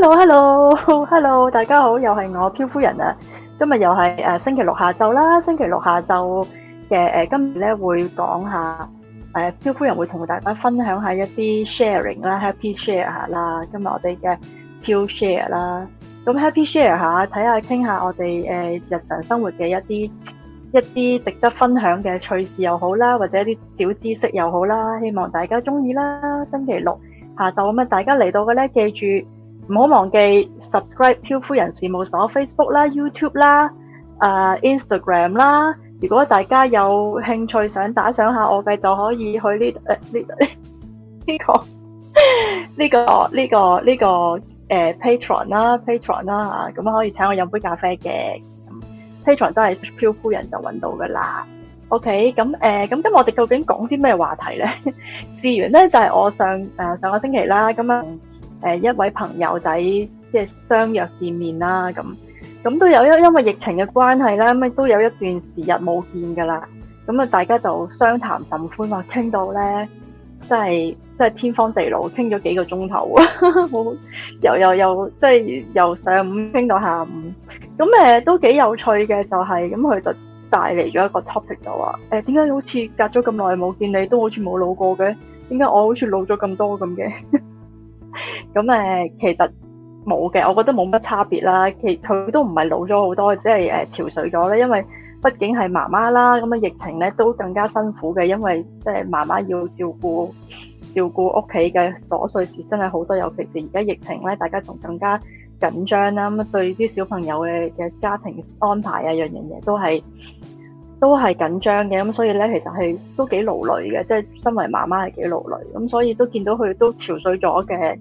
Hello，Hello，Hello，hello, hello, 大家好，又係我漂夫人啊！今日又係誒、呃、星期六下晝啦，星期六下晝嘅誒，今日咧會講下誒，漂、呃、夫人會同大家分享一下一啲 sharing 啦，happy share 下啦，今日我哋嘅 pure share 啦，咁 happy share 下，睇下傾下我哋誒、呃、日常生活嘅一啲一啲值得分享嘅趣事又好啦，或者啲小知識又好啦，希望大家中意啦！星期六下晝咁啊，大家嚟到嘅咧，記住。唔好忘記 subscribe 漂夫人事務所 Facebook 啦、YouTube 啦、啊、uh, Instagram 啦。如果大家有興趣想打賞下我嘅，就可以去呢誒呢呢個呢、uh, 呢個呢、 呢個呢、呢個誒、呢個 uh, Patron 啦、Patron 啦嚇。咁、啊、可以請我飲杯咖啡嘅。Patron 都係漂夫人就揾到噶啦。OK，咁誒咁咁，uh, 我哋究竟講啲咩話題咧？ 自然咧就係、是、我上誒、呃、上個星期啦，咁啊。誒一位朋友仔即係相約見面啦，咁咁都有一因為疫情嘅關係啦，咁都有一段時日冇見噶啦。咁啊，大家就相談甚歡啊，傾到咧真係真係天荒地老，傾咗幾個鐘頭，好 由由由即係由上午傾到下午，咁誒都幾有趣嘅，就係咁佢就帶嚟咗一個 topic 就話誒點解好似隔咗咁耐冇見你，都好似冇老過嘅？點解我好似老咗咁多咁嘅？ 咁誒、嗯，其實冇嘅，我覺得冇乜差別啦。其實佢都唔係老咗好多，即係誒憔悴咗咧。因為畢竟係媽媽啦，咁啊疫情咧都更加辛苦嘅。因為即係媽媽要照顧照顧屋企嘅瑣碎事，真係好多。尤其是而家疫情咧，大家仲更加緊張啦。咁、嗯、對啲小朋友嘅嘅家庭安排啊，樣樣嘢都係。都係緊張嘅，咁所以咧，其實係都幾勞累嘅，即係身為媽媽係幾勞累，咁所以都見到佢都憔悴咗嘅，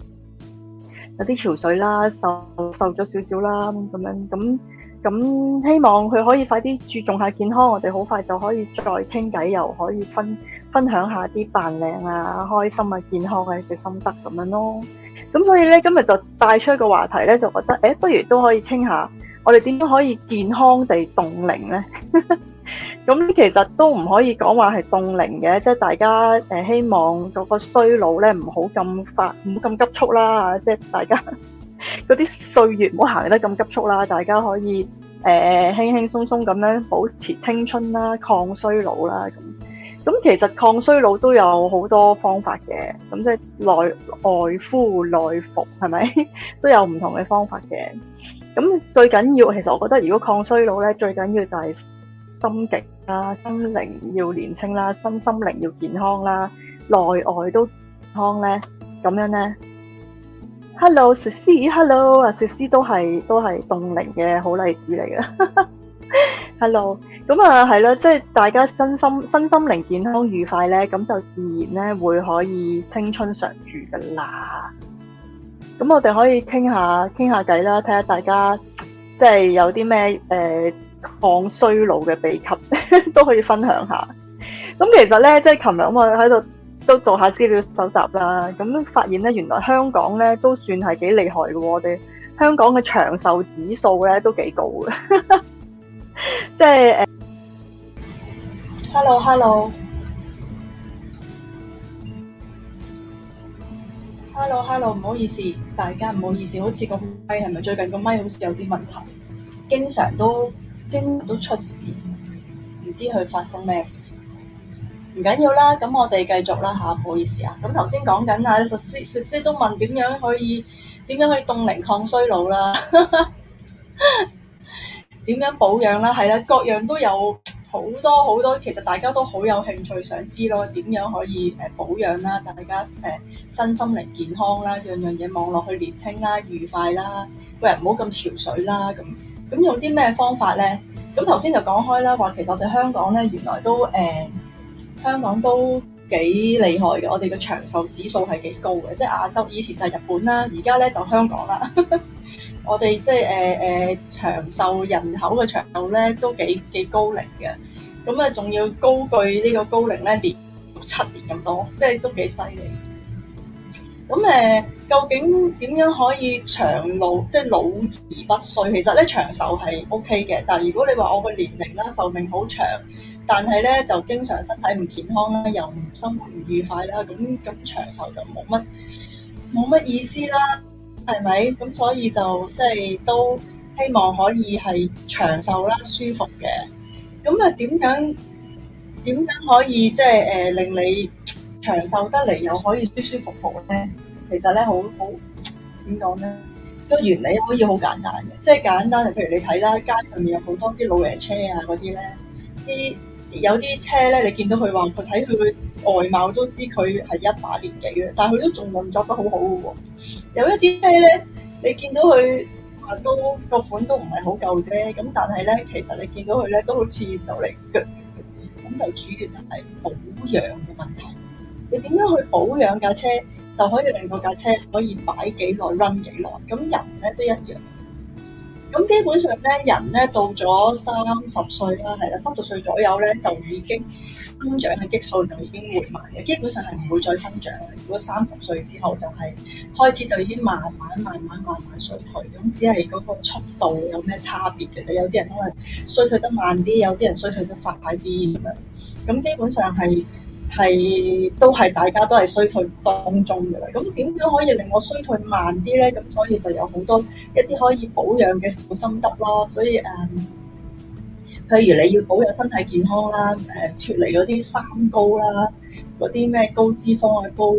有啲憔悴啦，瘦瘦咗少少啦咁樣，咁咁希望佢可以快啲注重下健康，我哋好快就可以再傾偈，又可以分分享下啲扮靚啊、開心啊、健康嘅、啊、嘅心得咁樣咯。咁所以咧，今日就帶出一個話題咧，就覺得誒、欸，不如都可以傾下，我哋點樣可以健康地凍齡咧？ 咁其實都唔可以講話係凍齡嘅，即、就、係、是、大家誒、呃、希望嗰個衰老咧唔好咁快，唔好咁急促啦，即、就、係、是、大家嗰啲 歲月唔好行得咁急促啦，大家可以誒、呃、輕輕鬆鬆咁樣保持青春啦，抗衰老啦咁。咁其實抗衰老都有好多方法嘅，咁即係內外敷內服係咪 都有唔同嘅方法嘅？咁最緊要，其實我覺得如果抗衰老咧，最緊要就係、是，心境啦，心靈要年輕啦，心心靈要健康啦，內外都健康咧，咁樣咧。Hello，小詩，Hello 啊，小詩都係都係凍齡嘅好例子嚟嘅。Hello，咁啊係啦，即係大家身心身心靈健康愉快咧，咁就自然咧會可以青春常駐噶啦。咁我哋可以傾下傾下偈啦，睇下大家即係有啲咩誒。抗衰老嘅秘笈 都可以分享下。咁其實咧，即係琴日我喺度都做下資料搜集啦。咁發現咧，原來香港咧都算係幾厲害嘅，哦。我哋香港嘅長壽指數咧都幾高嘅。即係，誒，Hello，Hello，Hello，Hello，唔好意思，大家唔好意思，好似個咪係咪最近個咪好似有啲問題，經常都。經都出事，唔知佢發生咩事，唔緊要啦。咁我哋繼續啦吓，唔好意思啊。咁頭先講緊啊，實施實施都問點樣可以，點樣可以凍齡抗衰老啦，點 樣保養啦，係啦，各樣都有。好多好多，其實大家都好有興趣想知咯，點樣可以誒、呃、保養啦？大家誒、呃、身心靈健康啦，樣樣嘢望落去年輕啦、愉快啦，個人唔好咁憔悴啦咁。咁用啲咩方法咧？咁頭先就講開啦，話其實我哋香港咧原來都誒、呃、香港都。幾厲害嘅，我哋嘅長壽指數係幾高嘅，即係亞洲以前就係日本啦，而家咧就香港啦。 我哋即係誒誒長壽人口嘅長壽咧都幾幾高齡嘅，咁啊仲要高居呢個高齡咧，跌六七年咁多，即係都幾犀利。咁誒，究竟點樣可以長老，即係老而不衰？其實咧長壽係 OK 嘅，但係如果你話我個年齡啦，壽命好長，但係咧就經常身體唔健康啦，又唔生活唔愉快啦，咁咁長壽就冇乜冇乜意思啦，係咪？咁所以就即係都希望可以係長壽啦、舒服嘅。咁啊點樣點樣可以即係誒、呃、令你？長壽得嚟又可以舒舒服服咧，其實咧好好點講咧個原理可以好簡單嘅，即係簡單譬如你睇啦，街上面有好多啲老爺車啊，嗰啲咧啲有啲車咧，你見到佢話，睇佢外貌都知佢係一把年紀嘅，但係佢都仲運作得好好嘅喎。有一啲車咧，你見到佢話都個款都唔係好夠啫，咁但係咧其實你見到佢咧都好似就嚟腳咁，就主要就係保養嘅問題。你點樣去保養架車，就可以令到架車可以擺幾耐 run 幾耐？咁人咧都一樣。咁基本上咧，人咧到咗三十歲啦，係啦，三十歲左右咧就已經生長嘅激素就已經緩慢嘅，基本上係唔會再生長。如果三十歲之後就係、是、開始就已經慢慢、慢慢、慢慢衰退，咁只係嗰個速度有咩差別嘅？有啲人可能衰退得慢啲，有啲人衰退得快啲咁樣。咁基本上係。係都係大家都係衰退當中嘅啦，咁點樣可以令我衰退慢啲咧？咁所以就有好多一啲可以保養嘅小心得咯。所以誒、呃，譬如你要保養身體健康啦，誒脫離嗰啲三高啦，嗰啲咩高脂肪啊、高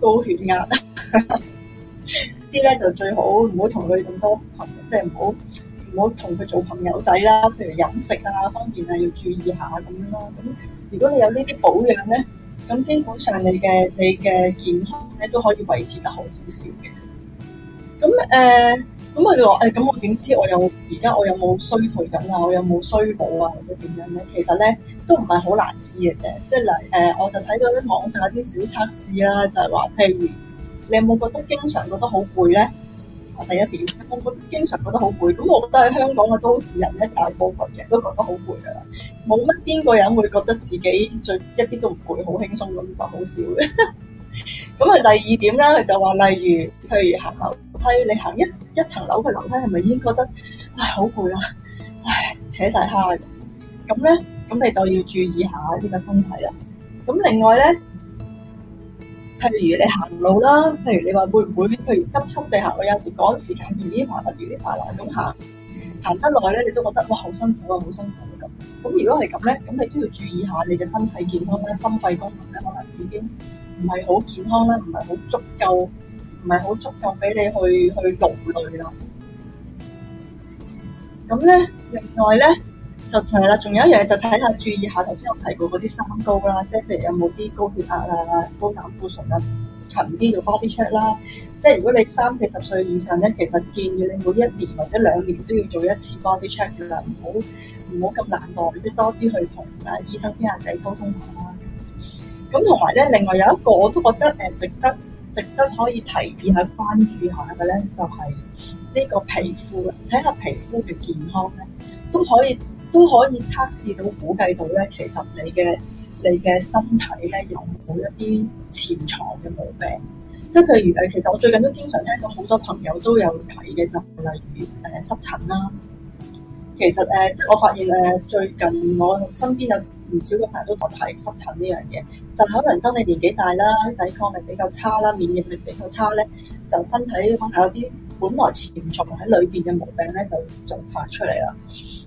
高血壓，啲 咧就最好唔好同佢咁多朋友，即係唔好唔好同佢做朋友仔啦。譬如飲食啊方面啊要注意下咁樣啦，咁。如果你有呢啲保養咧，咁基本上你嘅你嘅健康咧都可以維持得好少少嘅。咁誒，咁、呃、佢就話：誒、哎，咁我點知我有而家我有冇衰退緊啊？我有冇衰保啊？或者點樣咧？其實咧都唔係好難知嘅啫。即係誒，我就睇到啲網上有啲小測試啦、啊，就係、是、話，譬如你有冇覺得經常覺得好攰咧？第一點，我覺得經常覺得好攰，咁我覺得喺香港嘅都市人，一大部分人都覺得好攰嘅啦，冇乜邊個人會覺得自己最一啲都唔攰，好輕鬆咁就好笑嘅。咁啊，第二點佢就話，例如譬如行樓梯，你行一一層樓嘅樓梯，係咪已經覺得唉好攰啦？唉，扯晒蝦嘅。咁咧，咁你就要注意下呢個身體啦。咁另外咧。譬如你行路啦，譬如你話會唔會譬如急速地行，有時趕時間，越啲爬難越啲爬難咁行，行得耐咧，你都覺得哇好辛苦啊，好辛苦咁。咁如果係咁咧，咁你都要注意下你嘅身體健康咧，心肺功能咧，可能已經唔係好健康咧，唔係好足夠，唔係好足夠俾你去去勞累啦。咁咧，另外咧。就係啦，仲有一樣嘢就睇下，注意下頭先我提過嗰啲三高啦，即係譬如有冇啲高血壓啊、高膽固醇啊，勤啲做 body check 啦。即係如果你三四十歲以上咧，其實建議你每一年或者兩年都要做一次 body check 噶啦，唔好唔好咁懶惰，即係多啲去同啊醫生傾下偈溝通下啦。咁同埋咧，另外有一個我都覺得誒值得值得可以提議去關注下嘅咧，就係呢個皮膚啦，睇下皮膚嘅健康咧都可以。都可以測試到、估計到咧，其實你嘅你嘅身體咧有冇一啲潛藏嘅毛病？即係譬如誒，其實我最近都經常聽到好多朋友都有睇嘅，就例如誒、呃、濕疹啦。其實誒、呃，即係我發現誒、呃，最近我身邊有。唔少嘅朋友都覺得濕疹呢樣嘢，就可能當你年紀大啦，抵抗力比較差啦，免疫力比較差咧，就身體可能有啲本來潛藏喺裏邊嘅毛病咧，就就發出嚟啦。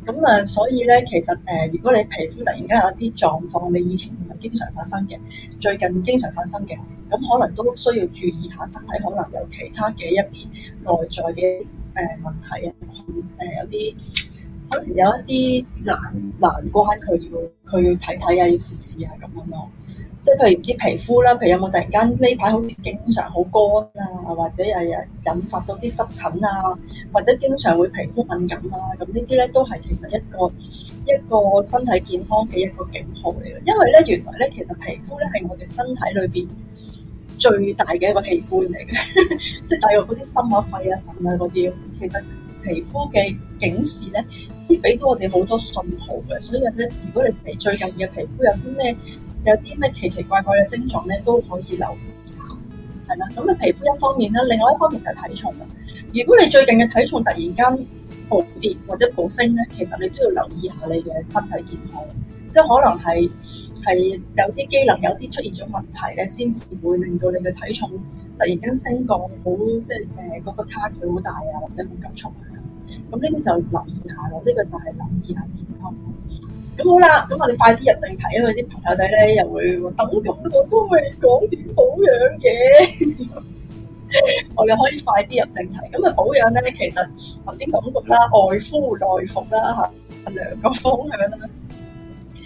咁啊，所以咧，其實誒、呃，如果你皮膚突然間有啲狀況，你以前唔係經常發生嘅，最近經常發生嘅，咁可能都需要注意下身體，可能有其他嘅一啲內在嘅誒、呃、問題啊，誒、呃、有啲。可能有一啲難難過，佢要佢要睇睇啊，要試試啊，咁樣咯。即係譬如啲皮膚啦，譬如有冇突然間呢排好似經常好乾啊，或者誒誒引發到啲濕疹啊，或者經常會皮膚敏感啊，咁呢啲咧都係其實一個一個身體健康嘅一個警號嚟嘅。因為咧，原來咧其實皮膚咧係我哋身體裏邊最大嘅一個器官嚟嘅， 即係大如嗰啲心啊、肺啊、腎啊嗰啲，其實。皮膚嘅警示咧，可以俾到我哋好多信號嘅，所以咧，如果你皮最近嘅皮膚有啲咩，有啲咩奇奇怪怪嘅症狀咧，都可以留意下，係啦。咁啊，皮膚一方面啦，另外一方面就係體重啦。如果你最近嘅體重突然間暴跌或者暴升咧，其實你都要留意下你嘅身體健康，即係可能係係有啲機能有啲出現咗問題咧，先至會令到你嘅體重突然間升降好，即係誒嗰個差距好大啊，或者好急促。咁呢啲就留意下咯，呢個就係留意下健康。咁好啦，咁我哋快啲入正題，因為啲朋友仔咧又會等咁。 我都未講啲保養嘅，我哋可以快啲入正題。咁啊，保養咧，其實頭先講過啦，外敷內服啦吓，兩個方向啦。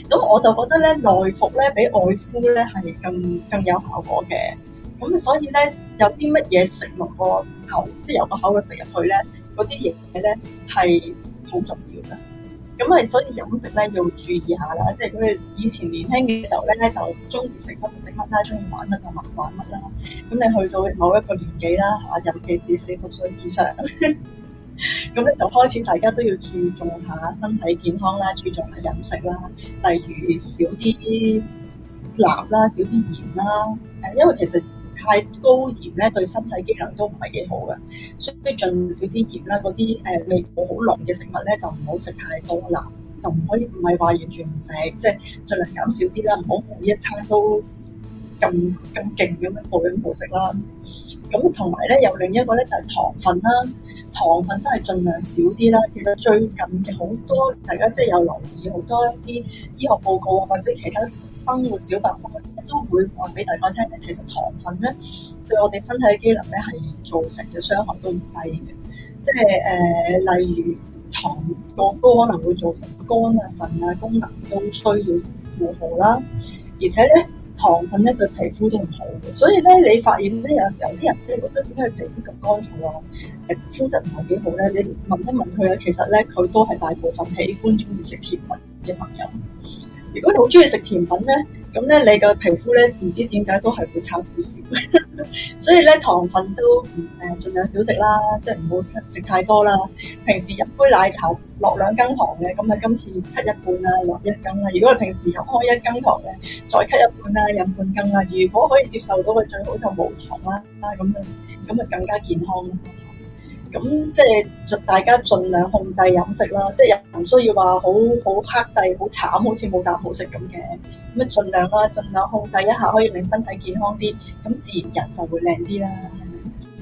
咁我就覺得咧，內服咧比外敷咧係更更有效果嘅。咁所以咧，有啲乜嘢食落個口，即係由個口度食入去咧。嗰啲嘢咧係好重要噶，咁係所以飲食咧要注意下啦。即係佢以前年輕嘅時候咧，就中意食乜就食乜，啦，中意玩乜就玩乜啦。咁你去到某一個年紀啦，啊、尤其是四十歲以上，咁 咧就開始大家都要注重下身體健康啦，注重下飲食啦，例如少啲辣啦，少啲鹽啦，誒，因為其實。太高鹽咧，對身體機能都唔係幾好嘅，所以盡少啲鹽啦。嗰啲誒味道好濃嘅食物咧，就唔好食太多啦。就唔可以唔係話完全唔食，即係盡量減少啲啦。唔好每一餐都咁咁勁咁樣暴飲暴食啦。咁同埋咧，有另一個咧就係糖分啦。糖分都係儘量少啲啦。其實最近好多大家即係有留意好多一啲醫學報告啊，或者其他生活小百科，都會話俾大家聽。其實糖分咧對我哋身體嘅機能咧係造成嘅傷害都唔低嘅。即係誒、呃，例如糖過高可能會造成肝啊、腎啊功能都需要負荷啦，而且咧。糖分咧，佢皮膚都唔好嘅，所以咧，你發現咧，有時候有啲人即係覺得點解佢皮膚咁乾燥啊，誒，膚質唔係幾好咧，你問一問佢啊，其實咧，佢都係大部分喜歡中意食甜品嘅朋友。如果你好中意食甜品咧。咁咧，你個皮膚咧，唔知點解都係會差少少， 所以咧糖分都唔、uh, 盡量少食啦，即係唔好食太多啦。平時飲杯奶茶落兩羹糖嘅，咁喺今次咳一半啦，落一羹啦。如果係平時飲開一羹糖嘅，再咳一半啦，飲半羹啦。如果可以接受到嘅最好就冇糖啦，咁樣咁啊更加健康。咁即係大家儘量控制飲食啦，即係又唔需要話好好克制，好慘好似冇啖好食咁嘅，咁啊儘量啦，儘量控制一下，可以令身體健康啲，咁自然人就會靚啲啦。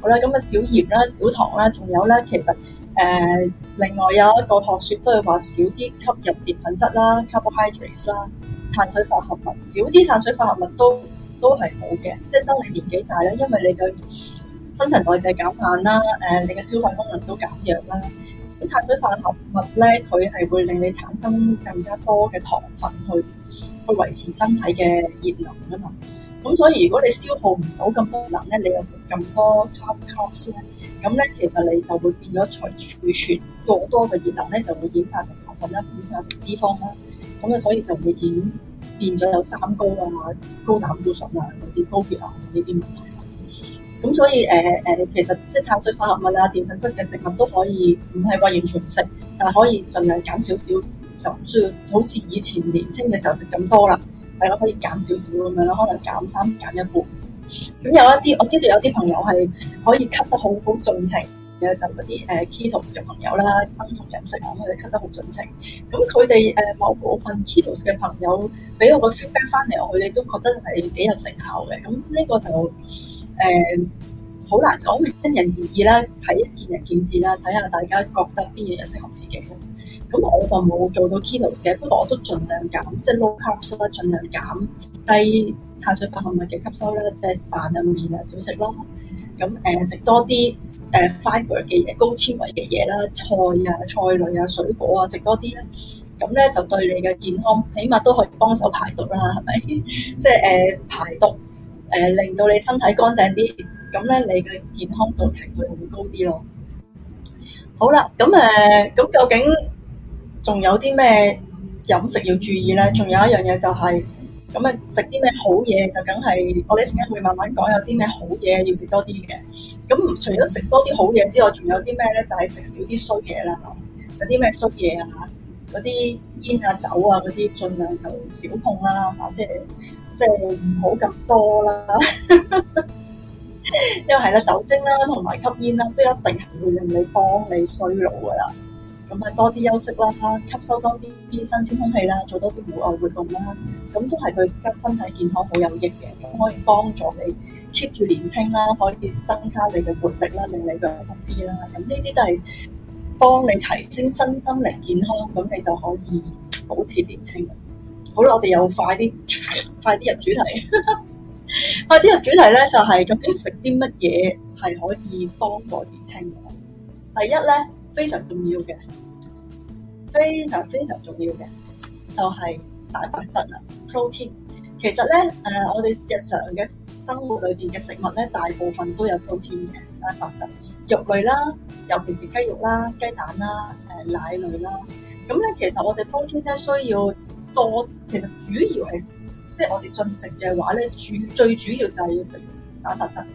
好啦，咁啊少鹽啦，少糖啦，仲有咧，其實誒、呃、另外有一個學説都係話少啲吸入澱粉質啦，carbohydrates 啦，碳水化合物，少啲碳水化合物都都係好嘅，即係當你年紀大咧，因為你嘅。新陳代謝減慢啦，誒、呃，你嘅消化功能都減弱啦。咁碳水化合物咧，佢係會令你產生更加多嘅糖分去去維持身體嘅熱能啊嘛。咁所以如果你消耗唔到咁多能咧，你又食咁多 cup cup 先，咁咧其實你就會變咗儲儲存過多嘅熱能咧，就會演化成糖分啦、演變成脂肪啦，咁啊所以就會演變咗有三高啊、高膽固醇啊嗰啲高血壓呢啲問題。咁、嗯、所以誒誒、呃，其實即係碳水化合物啊、澱粉質嘅食物都可以唔係話完全唔食，但係可以盡量減少少，就唔需要好似以前年輕嘅時候食咁多啦。大家可以減少少咁樣啦，可能減三減一半。咁、嗯嗯、有一啲我知道有啲朋友係可以吸得好好盡情嘅，就嗰啲誒、呃、ketos 嘅朋友啦，生酮飲食啊，佢哋吸得好盡情。咁佢哋誒某部分 ketos 嘅朋友俾我個 feedback 翻嚟，我佢哋都覺得係幾有成效嘅。咁、嗯、呢、這個就～誒，好難講，因人而異啦，睇見仁見智啦，睇下大家覺得邊樣嘢適合自己咯。咁我就冇做到 ketosis，不過我都盡量減，即係 low carb 啦，盡量減低碳水化合物嘅吸收啦，即係飯啊麵啊少食咯。咁誒食多啲誒 fiber 嘅嘢，高纖維嘅嘢啦，菜啊菜類啊水果啊，食多啲咧，咁咧就對你嘅健康，起碼都可以幫手排毒啦，係咪？即係誒排毒。誒、呃、令到你身體乾淨啲，咁咧你嘅健康度程度會高啲咯。好啦，咁、嗯、誒，咁、嗯嗯、究竟仲有啲咩飲食要注意咧？仲有一樣嘢就係、是，咁啊食啲咩好嘢就梗係我哋一陣間會慢慢講，有啲咩好嘢要食多啲嘅。咁、嗯、除咗食多啲好嘢之外，仲有啲咩咧？就係、是、食少啲衰嘢啦。有啲咩衰嘢啊？嚇，啲煙啊、酒啊嗰啲，儘量就少碰啦，嚇、啊啊，即係。即係唔好咁多啦，因為係啦酒精啦同埋吸煙啦，都一定係會令你幫你衰老噶啦。咁啊多啲休息啦，吸收多啲啲新鮮空氣啦，做多啲戶外活動啦，咁都係對吉身體健康好有益嘅，咁可以幫助你 keep 住年青啦，可以增加你嘅活力啦，令你嘅開心啲啦。咁呢啲都係幫你提升身心靈健康，咁你就可以保持年青。好，我哋又快啲， 快啲入主題， 快啲入主題咧，就係、是、究竟食啲乜嘢係可以幫我哋年青嘅。第一咧非常重要嘅，非常非常重要嘅就係、是、蛋白質啦 （protein）。其實咧，誒、呃、我哋日常嘅生活裏邊嘅食物咧，大部分都有 protein 嘅蛋白質，肉類啦，尤其是雞肉啦、雞蛋啦、誒、呃、奶類啦。咁咧，其實我哋 protein 咧需要多，其實主要係即係我哋進食嘅話咧，主最主要就係要食蛋白質。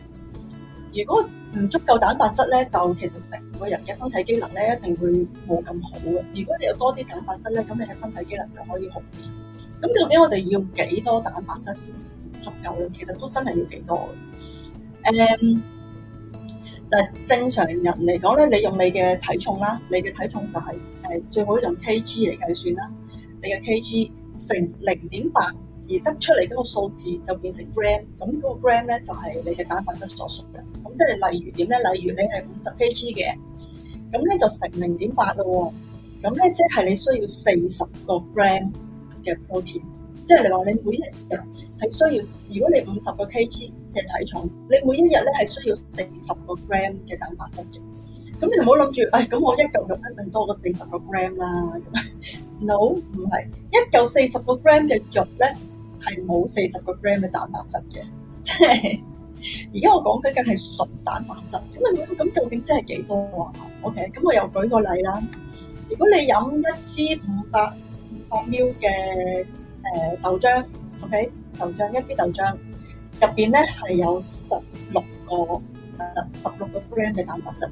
如果唔足夠蛋白質咧，就其實成個人嘅身體機能咧一定會冇咁好嘅。如果你有多啲蛋白質咧，咁你嘅身體機能就可以好啲。咁究竟我哋要幾多蛋白質先至足夠咧？其實都真係要幾多？誒，嗱，正常人嚟講咧，你用你嘅體重啦，你嘅體重就係、係、誒最好用 kg 嚟計算啦。你嘅 kg 乘零點八而得出嚟嗰個數字就變成 gram，咁嗰個 gram 咧就係、是、你嘅蛋白質所屬嘅。咁即係例如點咧？例如你係五十 kg 嘅，咁咧就乘零點八咯。咁咧即係你需要四十個 gram 嘅 protein。即係你話你每一日係需要，如果你五十個 kg 嘅體重，你每一日咧係需要四十個 gram 嘅蛋白質嘅。咁你唔好諗住，唉，咁我一嚿肉一定多過四十個 gram 啦。咁，no，唔係一嚿四十個 gram 嘅肉咧，係冇四十個 gram 嘅蛋白質嘅。即係而家我講緊嘅係純蛋白質，咁咁究竟真係幾多啊？OK，咁我又舉個例啦。如果你飲一支五百五百 ml 嘅誒豆漿，OK，豆漿，一支豆漿入邊咧係有十六個十十六個 gram 嘅蛋白質。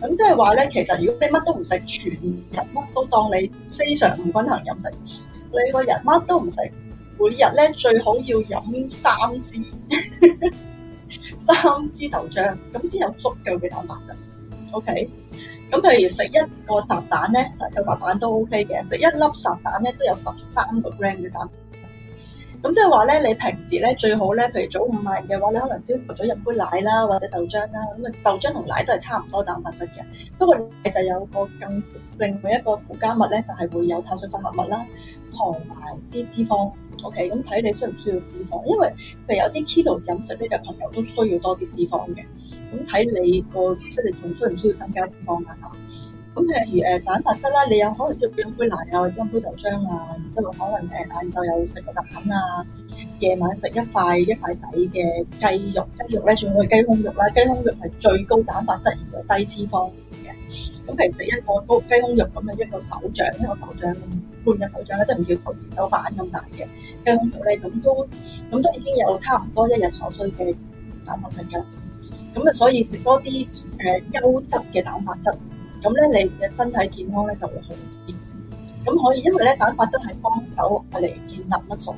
咁即係話咧，其實如果你乜都唔食，全日都當你非常唔均衡飲食，你個人乜都唔食，每日咧最好要飲三支 三支豆漿，咁先有足夠嘅蛋白質。OK，咁譬如食一個烚蛋咧，食、就係、個烚蛋都 OK 嘅，食一粒烚蛋咧都有十三個 gram 嘅蛋白。咁即係話咧，你平時咧最好咧，譬如早午晚嘅話，你可能朝頭早飲杯奶啦，或者豆漿啦。咁啊，豆漿同奶都係差唔多蛋白質嘅。不過奶就有一個更另外一個附加物咧，就係、是、會有碳水化合物啦，糖同埋啲脂肪。O K，咁睇你需唔需要脂肪？因為譬如有啲 keto 飲食呢嘅朋友都需要多啲脂肪嘅。咁、嗯、睇你個質地仲需唔需要增加脂肪啊？嗯咁譬如誒蛋白質啦，你有可能即係飲杯奶啊，或者飲杯豆漿啊，然之後可能誒晏晝有食個蛋啊，夜晚食一塊一塊仔嘅雞肉，雞肉咧算我雞胸肉啦。雞胸肉係最高蛋白質，而且低脂肪嘅。咁譬如食一個高雞胸肉咁樣一個手掌，一個手掌咁半隻手掌咧，即係唔叫陶瓷手板咁大嘅雞胸肉咧，咁都咁都已經有差唔多一日所需嘅蛋白質㗎。咁啊，所以食多啲誒優質嘅蛋白質。咁咧，你嘅身體健康咧就會好啲。咁可以，因為咧蛋白質係幫手我嚟建立乜熟。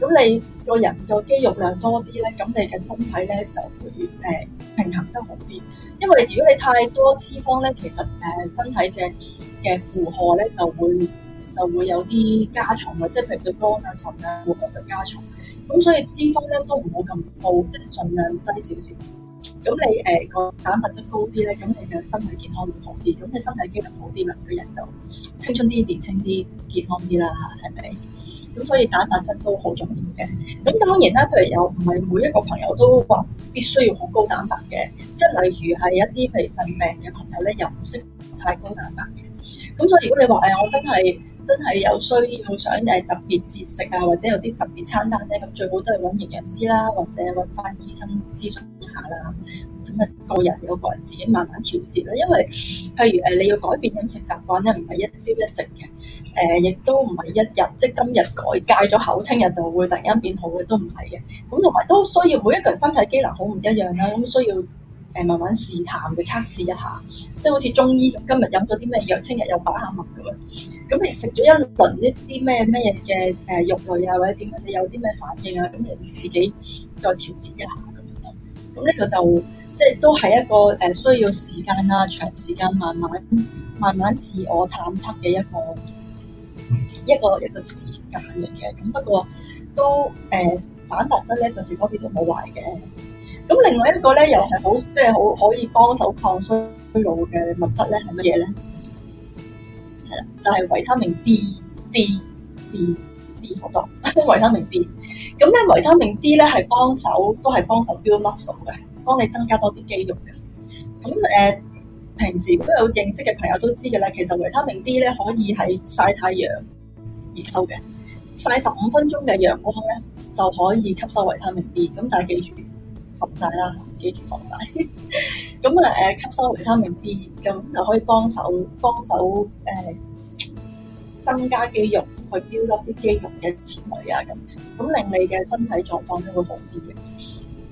咁你個人嘅肌肉量多啲咧，咁你嘅身體咧就會誒、呃、平衡得好啲。因為如果你太多脂肪咧，其實誒、呃、身體嘅嘅負荷咧就會就會有啲加重啊，即係譬如對肝啊腎啊負荷就加重。咁所以脂肪咧都唔好咁高，即係盡量低少少。咁你誒個、呃、蛋白質高啲咧，咁你嘅身體健康會好啲。咁你身體機能好啲啦，個人就青春啲、年青啲、健康啲啦，吓，係咪？咁所以蛋白質都好重要嘅。咁當然啦，譬如有唔係每一個朋友都話必須要好高蛋白嘅，即係例如係一啲譬如腎病嘅朋友咧，又唔識太高蛋白嘅。咁所以如果你話誒、哎，我真係真係有需要想誒特別節食啊，或者有啲特別餐單咧，咁最好都係揾營養師啦，或者揾翻醫生諮詢。啦，咁啊、嗯，個人有個人自己慢慢調節啦。因為譬如誒、呃，你要改變飲食習慣咧，唔係一朝一夕嘅，誒、呃、亦都唔係一日即今日改戒咗口，聽日就會突然間變好嘅，都唔係嘅。咁同埋都需要每一個人身體機能好唔一樣啦，咁、嗯、需要誒、呃、慢慢試探去測試一下，即係好似中醫咁，今日飲咗啲咩藥，聽日又把下脈咁樣。咁你食咗一輪一啲咩咩嘢嘅誒肉類啊，或者點樣，你有啲咩反應啊？咁、嗯、你自己再調節一下。一下。咁呢個就即係都係一個誒需要時間啦，長時間慢慢慢慢自我探測嘅一個一個一個時間嚟嘅。咁不過都誒、呃、蛋白質咧，就是嗰啲都冇壞嘅。咁另外一個咧，又係好即係好可以幫手抗衰老嘅物質咧，係乜嘢咧？係啦，就係、是、維他命 B，D，D，D 好多，維 他命 D。咁咧，維他命 D 咧係幫手，都係幫手 build muscle 嘅，幫你增加多啲肌肉嘅。咁誒、呃，平時都有認識嘅朋友都知嘅啦。其實維他命 D 咧可以喺曬太陽吸收嘅，曬十五分鐘嘅陽光咧就可以吸收維他命 D。咁但係記住防曬啦，記住防曬。咁啊誒，吸收維他命 D 咁就可以幫手幫手誒、呃、增加肌肉。去 build up 啲肌肉嘅纖維啊，咁咁令你嘅身體狀況都會好啲嘅。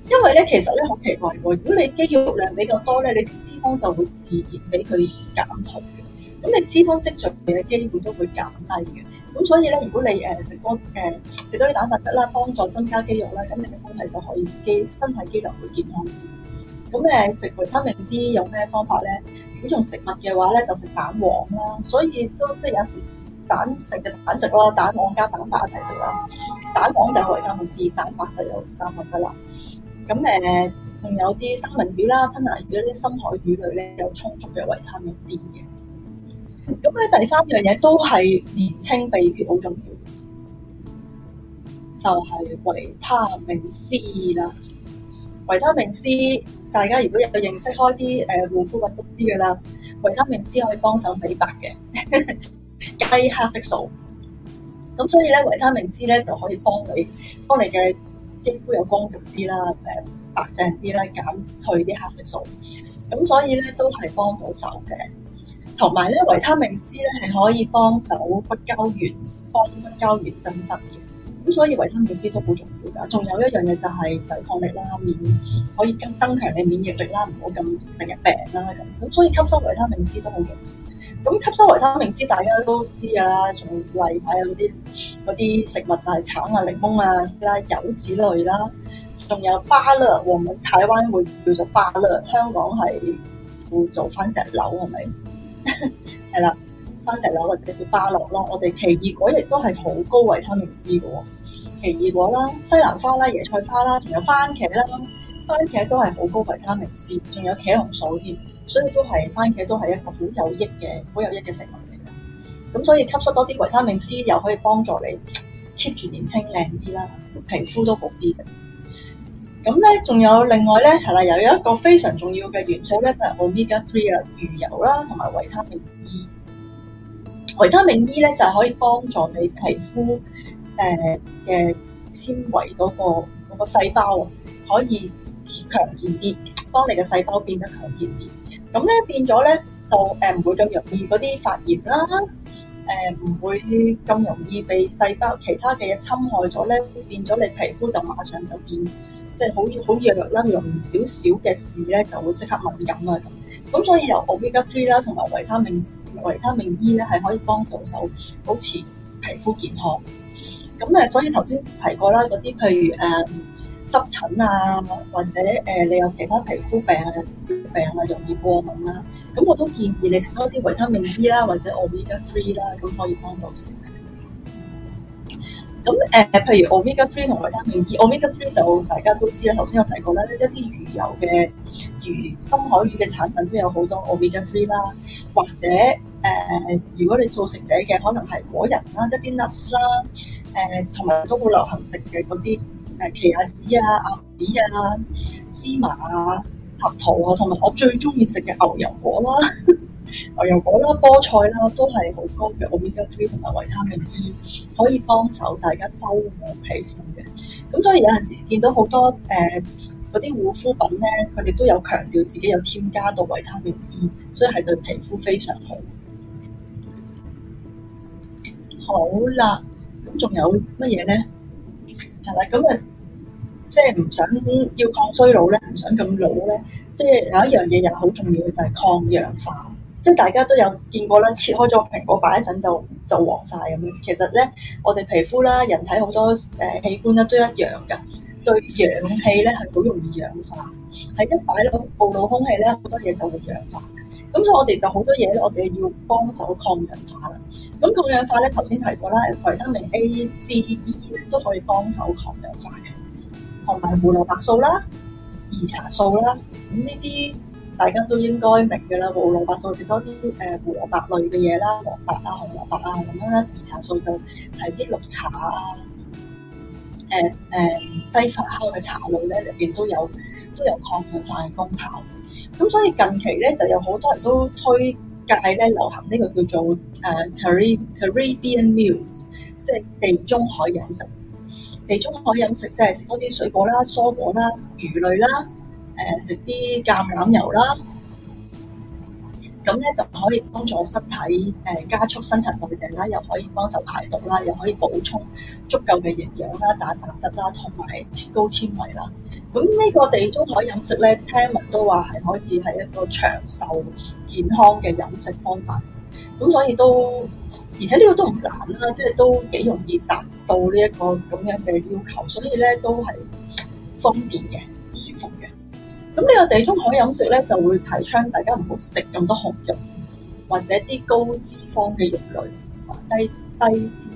因為咧其實咧好奇怪喎，如果你肌肉量比較多咧，你脂肪就會自然俾佢減退嘅，咁你脂肪積聚嘅基本都會減低嘅。咁所以咧，如果你誒、呃、食多誒食多啲蛋白質啦，幫助增加肌肉啦，咁你嘅身體就可以肌身體機能會健康啲。咁誒、呃、食維他命 D 有咩方法咧？如果用食物嘅話咧，就食蛋黃啦。所以都即係有時。蛋食就蛋食啦，蛋黃加蛋白一齊食啦。蛋黃就係維他命 D，蛋白就有蛋白質啦。咁誒，仲有啲三文魚啦、吞拿魚嗰啲深海魚類咧，有充足嘅維他命 D 嘅。咁咧第三樣嘢都係年青皮膚好重要，就係維他命 C 啦。維他命 C，大家如果有認識開啲誒護膚品都知噶啦，維他命 C 可以幫手美白嘅。 雞黑色素，咁所以咧，維他命 C 咧就可以幫你，幫你嘅肌膚有光澤啲啦，誒、呃，白淨啲啦，減退啲黑色素，咁所以咧都係幫到手嘅。同埋咧，維他命 C 咧係可以幫手骨膠原，幫骨膠原增生嘅，咁所以維他命 C 都好重要噶。仲有一樣嘢就係抵抗力啦，免可以更增強你免疫力啦，唔好咁成日病啦咁。咁所以吸收維他命 C 都好重咁、嗯、吸收維他命 C 大家都知噶啦，仲例下啊啲嗰啲食物就係橙啊、檸檬啊啦、柚子類啦、啊，仲有芭樂，我們台灣會叫做芭樂，香港會叫做番石榴，係咪？係 啦，番石榴或者叫芭樂啦。我哋奇異果亦都係好高維他命 C 嘅，奇異果啦、西蘭花啦、椰菜花啦，仲有番茄啦，番茄都係好高維他命 C，仲有茄紅素添。所以都係番茄都係一個好有益嘅好有益嘅食物嚟嘅。咁所以吸收多啲維他命 C 又可以幫助你 keep 住年青靚啲啦，皮膚都好啲嘅。咁咧仲有另外咧係啦，又有一個非常重要嘅元素咧就係 omega three 啦，魚油啦，同埋維他命 E。維他命 E 咧就係可以幫助你皮膚誒嘅纖維嗰個嗰個細胞可以強健啲，幫你嘅細胞變得強健啲。咁咧變咗咧就誒唔會咁容易嗰啲發炎啦，誒、呃、唔會咁容易被細胞其他嘅嘢侵害咗咧，變咗你皮膚就馬上就變即係好好弱弱啦，容易少少嘅事咧就會即刻敏感啊咁。咁所以由 Omega three 啦，同埋維他命維他命 E 咧係可以幫到手保持皮膚健康。咁誒，所以頭先提過啦，嗰啲譬如誒、呃濕疹啊，或者誒、呃、你有其他皮膚病啊、有小病啊、容易過敏啦，咁我都建議你食多啲維他命 E 啦，或者 Omega Three 啦，咁可以幫到你。咁誒、呃，譬如 Omega Three 同維他命 E，Omega Three 就大家都知啦，頭先有提過啦，即係、一啲魚油嘅魚深海魚嘅產品都有好多 Omega Three 啦，或者誒、呃，如果你素食者嘅，可能係果仁啦、即係、一啲 nuts 啦，誒同埋都會流行食嘅嗰啲。誒、啊，奇亞籽啊，阿子啊，芝麻啊，核桃啊，同埋我最中意食嘅牛油果啦， 牛油果啦，菠菜啦，都係好高嘅 omega three 同埋維他命 E，可以幫手大家修護皮膚嘅。咁所以有陣時見到好多誒嗰啲護膚品咧，佢哋都有強調自己有添加到維他命 E，所以係對皮膚非常好。好啦，咁仲有乜嘢咧？係啦，咁啊，即係唔想要抗衰老咧，唔想咁老咧，即係有一樣嘢又好重要嘅就係抗氧化。即係大家都有見過啦，切開咗個蘋果擺一陣就就黃晒咁樣。其實咧，我哋皮膚啦、人體好多誒器官咧都一樣噶，對氧氣咧係好容易氧化，喺一擺到暴露空氣咧好多嘢就會氧化。咁所以我哋就好多嘢咧，我哋要幫手抗氧化啦。咁抗氧化咧，頭先提過啦，維他命 A、C、E 都可以幫手抗氧化嘅，同埋胡蘿蔔素啦、兒茶素啦。咁呢啲大家都應該明嘅啦。胡蘿蔔素食多啲誒胡蘿蔔類嘅嘢啦，蘿蔔啊、紅蘿蔔啊咁樣啦。兒茶素就係啲綠茶啊、誒誒低發酵嘅茶類咧，入邊都有。都有抗氧化嘅功效，咁所以近期咧就有好多人都推介咧，流行呢個叫做誒、uh, Caribbean meals，即係地中海飲食。地中海飲食即係食多啲水果啦、蔬果啦、魚類啦、誒食啲橄欖油啦。咁咧就可以幫助身體誒加速新陳代謝啦，又可以幫手排毒啦，又可以補充足夠嘅營養啦、蛋白質啦，同埋高纖維啦。咁呢個地中海飲食咧，聽聞都話係可以係一個長壽健康嘅飲食方法。咁所以都而且呢個都唔難啦，即係都幾容易達到呢一個咁樣嘅要求，所以咧都係方便嘅、舒服嘅。咁呢個地中海飲食咧，就會提倡大家唔好食咁多紅肉，或者啲高脂肪嘅肉類，低低脂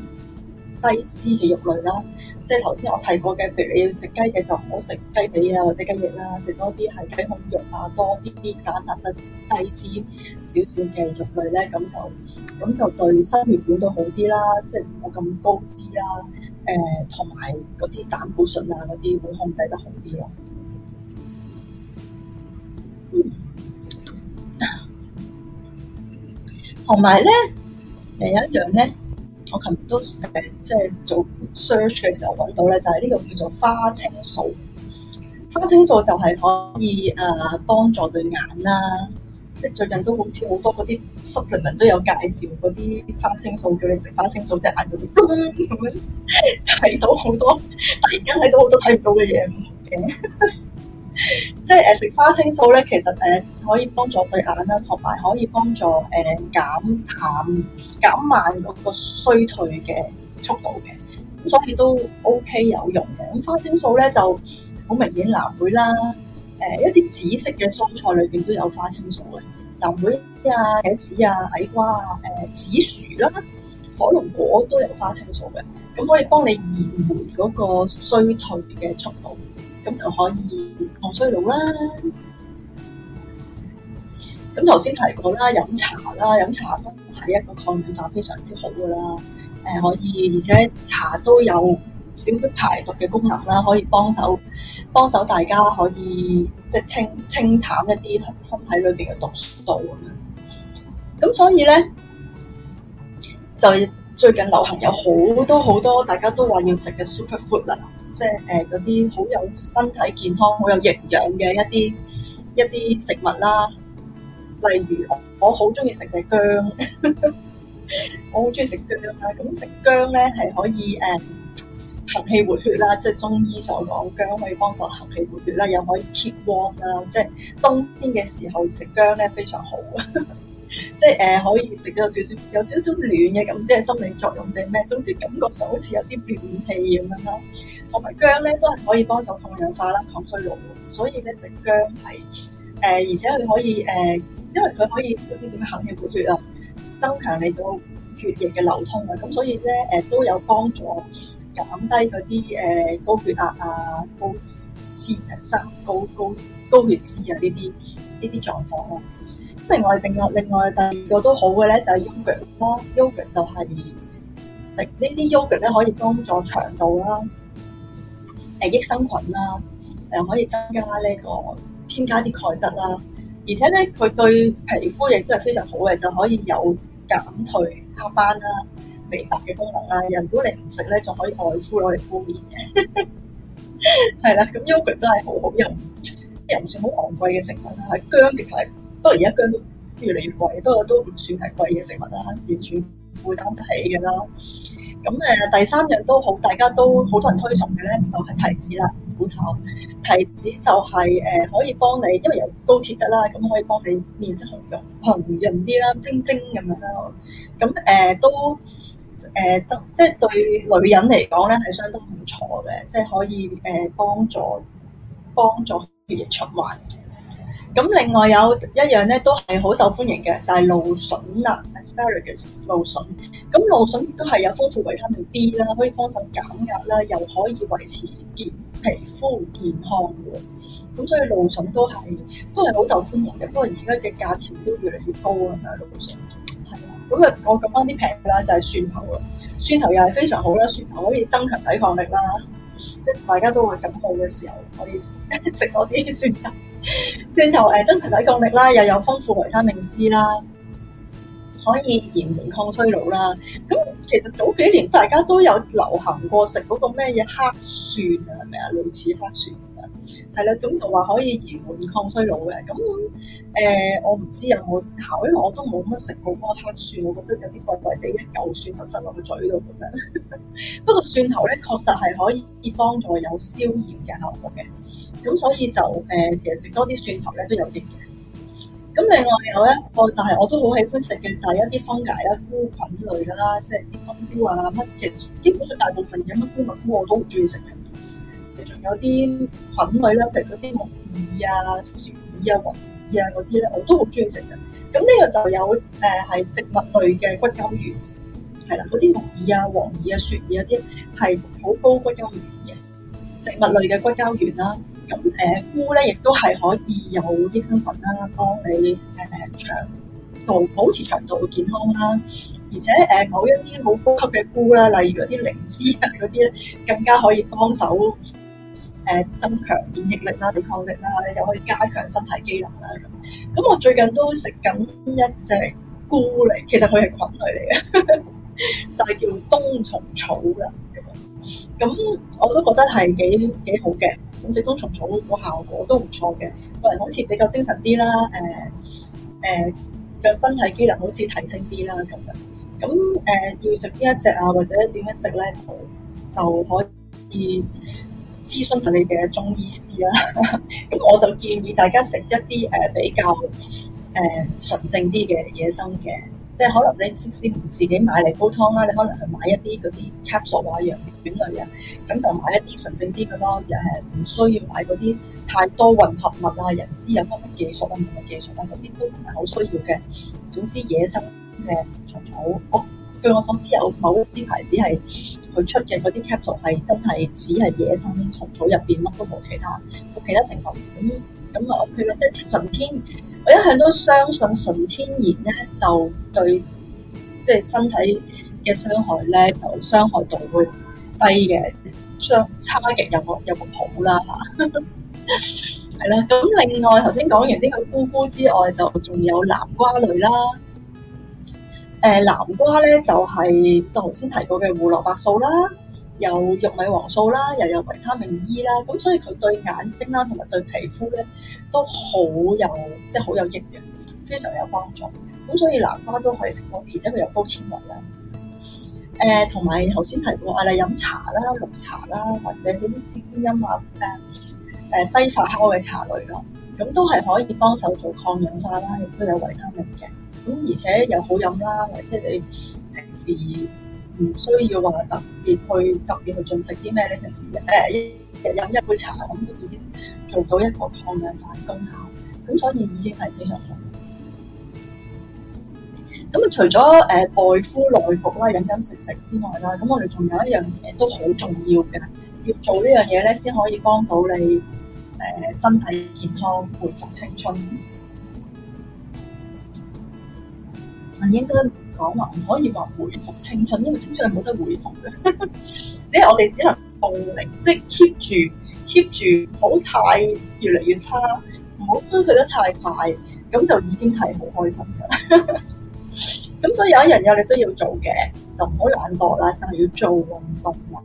低脂嘅肉類啦。即係頭先我提過嘅，譬如你要食雞嘅，就唔好食雞髀啊，或者雞翼啦，食多啲係雞胸肉啊，多啲啲蛋白質低脂少少嘅肉類咧，咁就咁就對心血管都好啲啦，即係唔好咁高脂啦。誒、呃，同埋嗰啲膽固醇啊嗰啲會控制得好啲咯。同埋咧，又有，有一樣咧，我琴日都誒，即係做 search 嘅時候揾到咧，就係呢個叫做花青素。花青素就係可以誒幫助對眼啦，即係最近都好似好多嗰啲 supplement 都有介紹嗰啲花青素，叫你食花青素，即係眼就會光咁睇到好多，突然間睇到好多睇唔到嘅嘢嘅。即係誒，食花青素咧，其實誒、呃、可以幫助對眼啦，同埋可以幫助誒、呃、減淡、減慢嗰個衰退嘅速度嘅，咁所以都 OK 有用嘅。咁花青素咧就好明顯藍莓啦，誒、呃、一啲紫色嘅蔬菜裏邊都有花青素嘅，藍莓啊、茄子啊、矮瓜啊、誒、呃、紫薯啦、啊、火龍果都有花青素嘅，咁可以幫你延緩嗰個衰退嘅速度。咁就可以抗衰老啦。咁頭先提過啦，飲茶啦，飲茶都係一個抗氧化非常之好嘅啦。誒、呃，可以而且茶都有少少排毒嘅功能啦，可以幫手幫手，大家可以即係清清淡一啲身體裏邊嘅毒素咁樣。咁所以呢就。最近流行有好多好多大家都話要食嘅 super food 啦，即係誒嗰啲好有身體健康、好有營養嘅一啲一啲食物啦。例如我好中意食嘅薑， 我好中意食薑啦。咁食薑咧係可以誒行氣活血啦，即係中醫所講，薑可以幫手行氣活血啦，又可以 keep warm 啦。即係冬天嘅時候食薑咧非常好啊。即係誒可以食咗少少有少少暖嘅咁，即係心理作用定咩？總之感覺就好似有啲暖氣咁樣咯。同埋薑咧都係可以幫手抗氧化啦、抗衰老。所以咧食薑係誒，而且佢可以誒、呃，因為佢可以嗰啲點樣行氣活血啊，增強你個血液嘅流通啊。咁所以咧誒都有幫助減低嗰啲誒高血壓啊、高高、高血脂啊、三高高高血脂啊呢啲呢啲狀況咯。另外，正個另外第二個都好嘅咧，就係、是、yogurt 咯。yogurt 就係食呢啲 yogurt 咧，可以幫助腸道啦，誒益生菌啦，誒可以增加呢、這個添加啲鈣質啦，而且咧佢對皮膚亦都係非常好嘅，就可以有減退黑斑啦、美白嘅功能啦。人如果你唔食咧，就可以外敷攞嚟敷面嘅，係 啦。咁 yogurt 都係好好飲，又唔算好昂貴嘅食物，啦，係薑汁嚟。不過而家薑都越嚟越貴，不過都唔算係貴嘅食物啦，完全負擔得起嘅啦。咁誒、呃、第三樣都好，大家都好多人推崇嘅咧，就係提子啦、葡萄。提子就係、是、誒、呃、可以幫你，因為有高鐵質啦，咁可以幫你面色紅潤、紅潤啲啦、晶晶咁樣啦。咁誒、呃、都誒、呃呃、即即係對女人嚟講咧係相當唔錯嘅，即係可以誒幫、呃、助幫助血液循環。咁另外有一樣咧都係好受歡迎嘅，就係蘆筍啦，asparagus 蘆筍。咁蘆筍亦都係有豐富維他命 B 啦，可以幫手減壓啦，又可以維持健皮膚健康嘅。咁所以蘆筍都係都係好受歡迎嘅，不過而家嘅價錢都越嚟越高啊，蘆筍。係啊，咁啊，我講翻啲平啦，就係蒜頭咯。蒜頭又係非常好啦，蒜頭可以增強抵抗力啦。即係大家都會感冒嘅時候，可以食多啲蒜頭。 蒜頭誒，增強抵抗力啦，又有豐富維他命 C 啦，可以延年抗衰老啦。咁其實早幾年大家都有流行過食嗰個咩嘢黑蒜啊，係咪啊？類似黑蒜。係啦，咁就話可以延緩抗衰老嘅。咁誒、呃，我唔知有冇頭？因為我都冇乜食過嗰個黑蒜，我覺得有啲怪怪地，一嚿蒜頭塞落個嘴度咁樣。 不過蒜頭咧，確實係可以幫助有消炎嘅效果嘅。咁所以就誒、呃，其實食多啲蒜頭咧都有益嘅。咁另外有一個就係、是、我都好喜歡食嘅，就係、是、一啲方解啦、菇菌類啦，即係啲冬菇啊，乜其實基本上大部分嘢乜菇物我都好中意食嘅。仲有啲菌類啦，譬如嗰啲木耳啊、雪耳啊、雲耳啊嗰啲咧，我都好中意食嘅。咁呢個就有誒係、呃、植物類嘅骨膠原係啦，嗰啲木耳啊、黃耳啊、雪耳有啲係好高骨膠原嘅植物類嘅骨膠原啦。咁誒、呃、菇咧，亦都係可以有益生菌啦，幫你誒、呃、腸道保持腸道嘅健康啦。而且誒、呃、某一啲好高級嘅菇啦，例如嗰啲靈芝啊嗰啲咧，更加可以幫手。誒，增強免疫力啦，抵抗力啦，又可以加強身體機能啦咁。咁我最近都食緊一隻菇嚟，其實佢係菌類嚟嘅， 就係叫冬蟲草啦。咁我都覺得係幾幾好嘅，咁隻冬蟲草個效果都唔錯嘅，個人好似比較精神啲啦，誒、呃、誒，個、呃、身體機能好似提升啲啦咁樣。咁誒、呃，要食邊一隻啊，或者點樣食咧，就可以諮詢下你嘅中醫師啦、啊，咁 我就建議大家食一啲誒、呃、比較誒、呃、純正啲嘅野生嘅，即係可能你即使唔自己買嚟煲湯啦，你可能去買一啲嗰啲 capsule 啊、羊鞭類啊，咁就買一啲純正啲嘅咯，又係唔需要買嗰啲太多混合物啊、人工乜乜技術啊、動物技術，但嗰啲都唔係好需要嘅。總之野生嘅蟲草，我據我所知有某啲牌子係。佢出嘅嗰啲 capsule 係真係只係野生蟲草入邊，乜都冇其他，冇其他成分。咁咁啊，譬如即係純天，我一向都相信純天然咧，就對即係身體嘅傷害咧，就傷害度會低嘅，相差極有冇？有冇？好啦。係 啦，咁另外頭先講完呢個菇菇之外，就仲有南瓜類啦。誒、呃、南瓜咧就係、是、都頭先提過嘅胡蘿蔔素啦，有玉米黃素啦，又有維他命 E 啦，咁所以佢對眼睛啦同埋對皮膚咧都好有即係好有益嘅，非常有幫助。咁所以南瓜都可以食多啲，而且佢有高纖維啦。誒同埋頭先提過，啊你飲茶啦、綠茶啦，或者啲啲啲啲飲物誒低發酵嘅茶類咯，咁都係可以幫手做抗氧化啦，亦都有維他命嘅。咁而且又好飲啦，或者你平時唔需要話特別去特別去進食啲咩咧，平時誒一日飲一、一、一杯茶，咁都已經做到一個抗氧化功效，咁所以已經係非常好。咁啊，除咗誒外敷內服啦、呃、飲飲食食之外啦，咁我哋仲有一樣嘢都好重要嘅，要做呢樣嘢咧，先可以幫到你誒、呃、身體健康、回復青春。應該講話唔可以話回復青春，因為青春係冇得回復嘅， 只係我哋只能動力，即係 keep 住 keep 住，唔好太越嚟越差，唔好衰退得太快，咁就已經係好開心嘅。咁 所以有一樣嘢你都要做嘅，就唔好懶惰啦，就係、是、要做運動啦。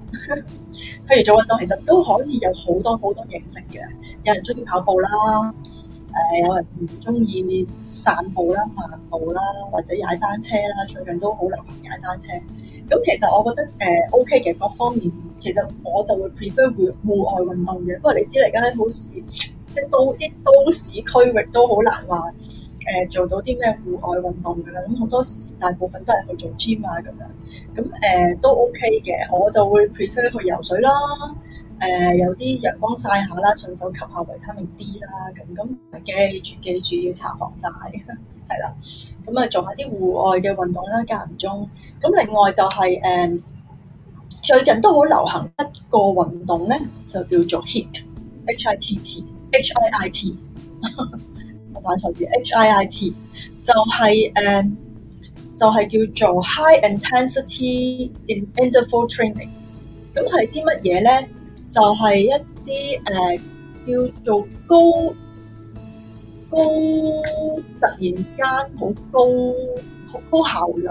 譬 如做運動，其實都可以有好多好多形式嘅，有人中意跑步啦。誒、呃、有人唔中意散步啦、漫步啦，或者踩單車啦，最近都好流行踩單車。咁其實我覺得誒、呃、OK 嘅，各方面其實我就會 prefer 會戶外運動嘅。不過你知啦，而家喺好似即係都啲都市區域都好難話誒、呃、做到啲咩戶外運動㗎啦。咁好多時大部分都係去做 gym 啊咁樣。咁誒、呃、都 OK 嘅，我就會 prefer 去游水啦。誒、呃、有啲陽光曬下啦，順手吸下維他命 D 啦，咁咁記住記住要搽防曬，係 啦。咁啊，做下啲戶外嘅運動啦，間唔中。咁另外就係、是、誒、嗯、最近都好流行一個運動咧，就叫做 hit h, IT, h i t t h i i t，我反錯字 h i i t 就係、是、誒、嗯、就係、是、叫做 high intensity interval training，咁係啲乜嘢咧？就係一啲誒叫做高高，突然間好高好高效率、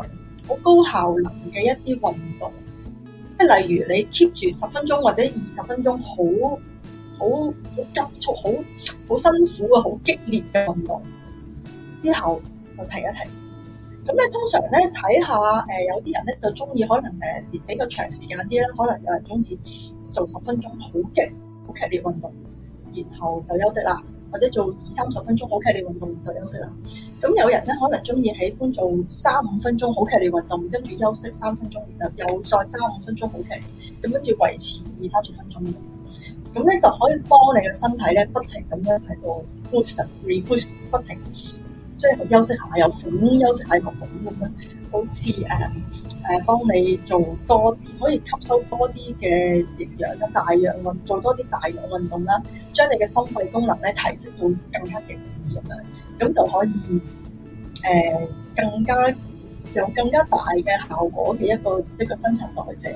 好高效能嘅一啲運動，即係例如你 keep 住十分鐘或者二十分鐘，好好好急促、好好辛苦啊，好激烈嘅運動之後就停一停。咁咧，通常咧睇下誒，有啲人咧就中意，可能誒比較長時間啲啦，可能有人中意。做十分鐘好劇好劇烈運動，然後就休息啦，或者做二三十分鐘好劇烈運動就休息啦。咁、嗯、有人咧可能中意喜歡做三五分鐘好劇烈運動，跟住休息三分鐘，然後又再三五分鐘好劇烈，咁跟住維持二三十分鐘。咁咧就可以幫你嘅身體咧不停咁樣喺度 boost reboot，不停即係休息下又放鬆，休息下又放鬆，咁樣。好似誒誒，幫、啊、你做多啲，可以吸收多啲嘅營養啦，大氧運做多啲大氧運動啦，將你嘅心肺功能咧提升到更加極致咁樣，咁就可以誒、呃、更加有更加大嘅效果嘅一個一個新陳代謝。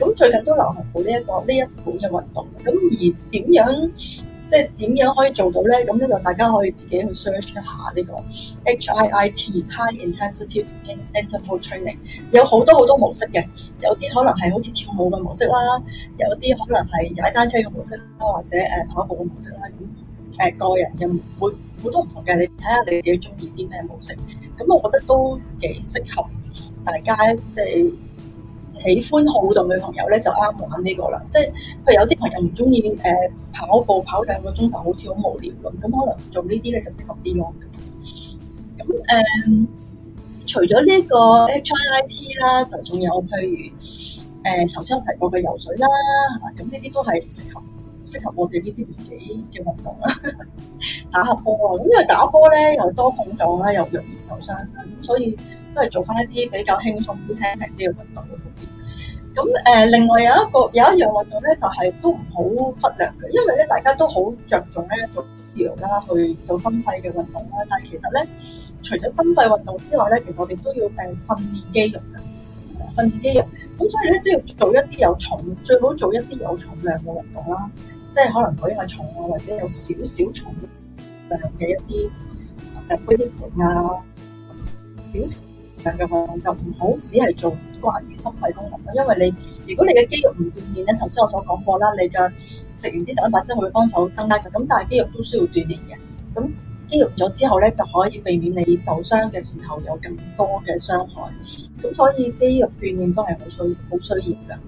咁最近都流行到呢一個呢一款嘅運動，咁而點樣？即係點樣可以做到咧？咁呢度大家可以自己去 search 一下呢個 H I I T High Intensity Interval Training 有好多好多模式嘅，有啲可能係好似跳舞嘅模式啦，有啲可能係踩單車嘅模式啦，或者誒跑、啊、步嘅模式啦。咁、啊、誒個人嘅會好多唔同嘅，你睇下你自己中意啲咩模式。咁我覺得都幾適合大家即係。喜歡好動嘅朋友咧就啱玩呢個啦，即係譬如有啲朋友唔中意誒跑步跑兩個鐘頭好似好無聊咁，咁可能做呢啲咧就適合啲咯。咁誒、呃，除咗呢個 HIIT 啦，就仲有譬如誒頭先我提過嘅游水啦，咁呢啲都係適合適合我哋呢啲年紀嘅運動啦。 打下波呀，咁因為打波咧又多碰撞啦，又容易受傷，咁所以。都係做翻一啲比較輕鬆、舒適啲嘅運動嘅好啲。咁誒、呃，另外有一個有一樣運動咧，就係、是、都唔好忽略嘅，因為咧大家都好着重咧做治療啦，去做心肺嘅運動啦。但係其實咧，除咗心肺運動之外咧，其實我哋都要誒訓練肌肉嘅，訓練肌肉。咁所以咧都要做一啲有重，最好做一啲有重量嘅運動啦，即係可能舉下重啊，或者有少少重量嘅一啲誒推啲盤啊，表。就唔好只係做關於心肺功能啦，因為你如果你嘅肌肉唔鍛鍊咧，頭先我所講過啦，你嘅食完啲蛋白質會幫手增加嘅，咁但係肌肉都需要鍛鍊嘅。咁肌肉咗之後咧，就可以避免你受傷嘅時候有更多嘅傷害。咁所以肌肉鍛鍊都係好需要好需要嘅。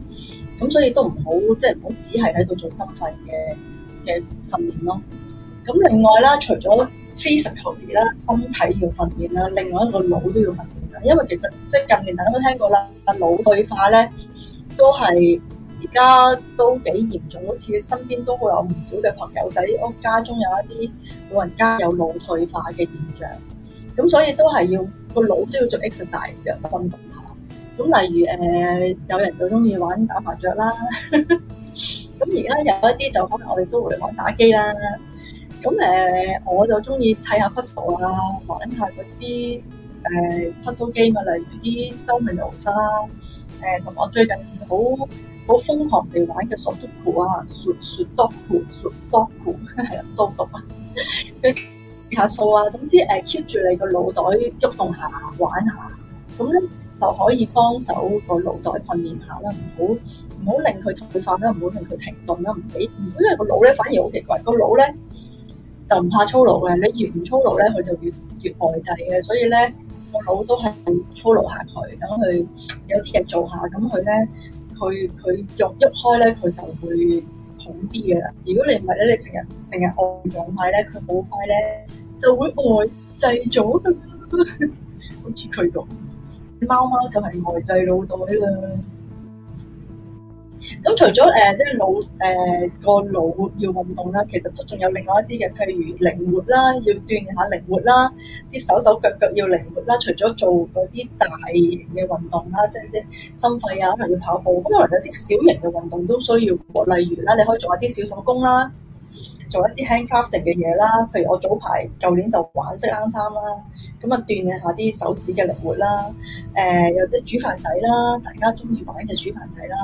咁所以都唔好即係唔好只係喺度做心肺嘅嘅訓練咯。咁另外啦，除咗 physically 啦，physically，身體要訓練啦，另外一個腦都要訓練啦。因為其實即係近年大家都聽過啦，腦退化咧都係而家都幾嚴重，好似身邊都會有唔少嘅朋友仔屋家中有一啲老人家有腦退化嘅現象，咁所以都係要個腦都要做 exercise 嘅運動下。咁例如誒、呃，有人就中意玩打麻雀啦，咁而家有一啲就可能我哋都會玩打機啦。咁誒，我就中意砌下 puzzle 啊，玩下嗰啲誒 puzzle 機啊，例如啲多米諾啦，誒同我最近好好瘋狂地玩嘅索督盤啊，索數督盤、索督盤係啊，數獨啊，跟下數啊，總之誒 keep 住你個腦袋喐動下，玩下，咁咧就可以幫手個腦袋訓練下啦，唔好唔好令佢退化啦，唔好令佢停頓啦，唔俾，因為個腦咧反而好奇怪，個腦咧～就唔怕粗魯嘅，你越唔粗魯咧，佢就越越呆滯嘅。所以咧，個腦都係粗魯下佢，等佢有啲嘢做下，咁佢咧，佢佢一喐開咧，佢就會好啲嘅。如果你唔係咧，你成日成日愛養埋咧，佢好快咧就會呆滯咗， 好似佢咁。貓貓就係呆滯腦袋啦。咁、嗯、除咗誒、呃，即係腦誒個腦要運動啦，其實都仲有另外一啲嘅，譬如靈活啦，要鍛煉下靈活啦，啲手手腳腳要靈活啦。除咗做嗰啲大型嘅運動啦，即係啲心肺啊，可能要跑步，咁可能有啲小型嘅運動都需要，例如啦，你可以做下啲小手工啦，做一啲 handcrafting 嘅嘢啦。譬如我早排舊年就玩織冷衫啦，咁啊鍛煉下啲手指嘅靈活啦。誒、呃，又即係煮飯仔啦，大家中意玩嘅煮飯仔啦。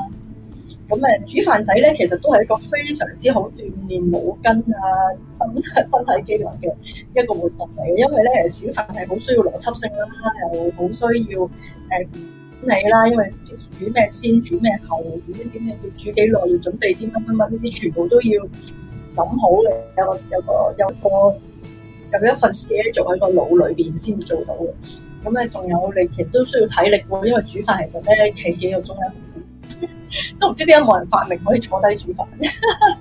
咁誒、嗯、煮飯仔咧，其實都係一個非常之好鍛鍊腦筋啊身身體機能嘅一個活動嚟嘅，因為咧煮飯係好需要邏輯性啦、啊，又好需要誒、欸、理啦、啊，因為煮咩先煮咩後，煮啲點嘢要煮幾耐，要準備啲乜乜乜呢啲，全部都要諗好嘅，有有個有個有一份 schedule 喺個腦裏邊先做到嘅。咁咧仲有，你其實都需要體力喎、啊，因為煮飯其實咧企幾個鐘喺都唔知點解冇人發明可以坐低煮飯。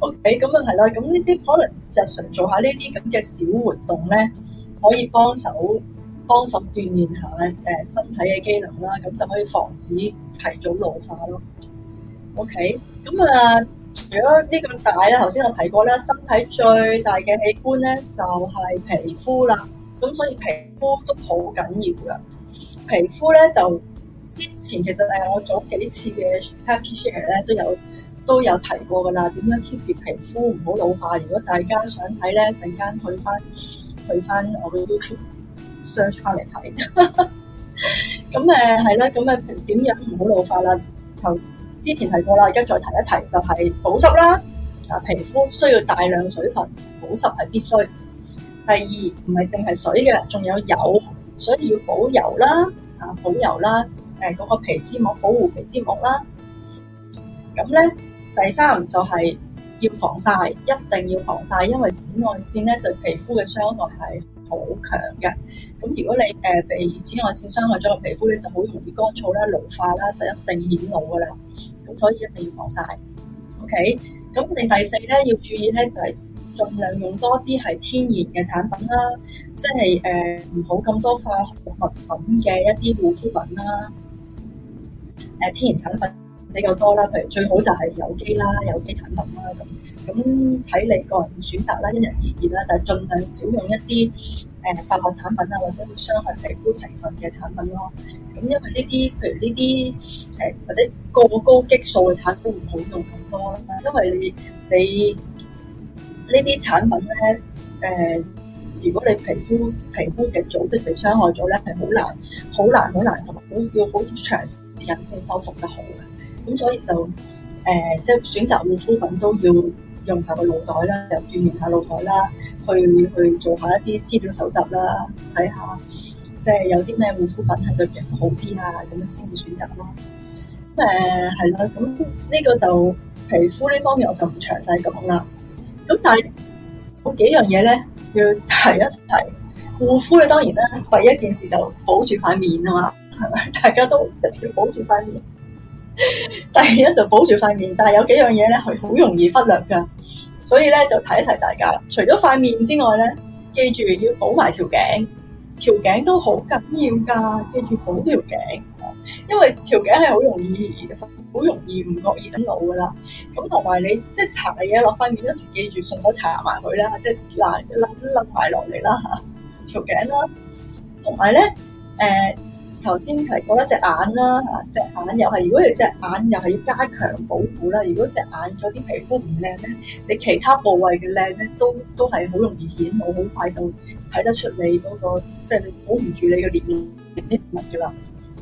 OK，咁啊係啦，咁呢啲可能日常做下呢啲咁嘅小活動咧，可以幫手幫手鍛煉下誒身體嘅機能啦，咁就可以防止提早老化咯。OK，咁啊，如果啲咁大咧，頭先我提過咧，身體最大嘅器官咧就係皮膚啦，咁所以皮膚都好緊要噶，皮膚咧就。之前其實誒，我早幾次嘅 happy share 咧都有都有提過噶啦，點樣 keep 住皮膚唔好老化？如果大家想睇咧，陣間去翻去翻我嘅 YouTube search 翻嚟睇。咁誒係啦，咁誒點樣唔好老化啦？頭之前提過啦，而家再提一提就係、是、保濕啦。啊，皮膚需要大量水分，保濕係必須。第二唔係淨係水嘅，仲有油，所以要保油啦，啊保油啦。誒，嗰個皮脂膜保護皮脂膜啦，咁咧第三就係要防晒，一定要防晒，因為紫外線咧對皮膚嘅傷害係好強嘅。咁如果你誒、呃、被紫外線傷害咗個皮膚咧，就好容易乾燥啦、老化啦，就一定顯老噶啦。咁所以一定要防晒，OK？咁我哋第四咧要注意咧，就係、是、盡量用多啲係天然嘅產品啦，即係誒唔好咁多化學物品嘅一啲護膚品啦。誒，天然產品比較多啦，譬如最好就係有機啦，有機產品啦咁咁睇你個人選擇啦，因人而異啦，但係盡量少用一啲誒化學產品啊，或者會傷害皮膚成分嘅產品咯。咁、呃、因為呢啲譬如呢啲誒或者過高激素嘅產品唔好用咁多啦，因為你你呢啲產品咧誒、呃，如果你皮膚皮膚嘅組織被傷害咗咧，係好難好難好難同埋要好長。人先修復得好嘅，咁所以就誒、呃，即係選擇護膚品都要用下個腦袋啦，又鍛鍊下腦袋啦，去去做下一啲資料搜集啦，睇下即係有啲咩護膚品係對皮膚好啲啊，咁樣先會選擇啦。誒、呃，係啦，咁呢個就皮膚呢方面我就唔詳細講啦。咁但係嗰幾樣嘢咧要提一提護膚咧，當然啦，第一件事就保住塊面啊嘛。係咪？ 大家都一定要保住塊面。但第一就保住塊面，但係有幾樣嘢咧，係好容易忽略噶，所以咧就提一提大家啦。除咗塊面之外咧，記住要保埋條頸，條頸都好緊要噶。記住保條頸，因為條頸係好容易好容易唔覺意整老噶啦。咁同埋你即係搽嘢落塊面嗰時，記住順手搽埋佢啦，即係嗱，冧冧埋落嚟啦吓，條頸啦，同埋咧誒。頭先提過一隻眼啦，吓，隻眼又係，如果你隻眼又係要加強保護啦。如果隻眼有啲皮膚唔靚咧，你其他部位嘅靚咧，都都係好容易顯露，好快就睇得出你嗰個，即係你保唔住你嘅年齡呢物噶啦。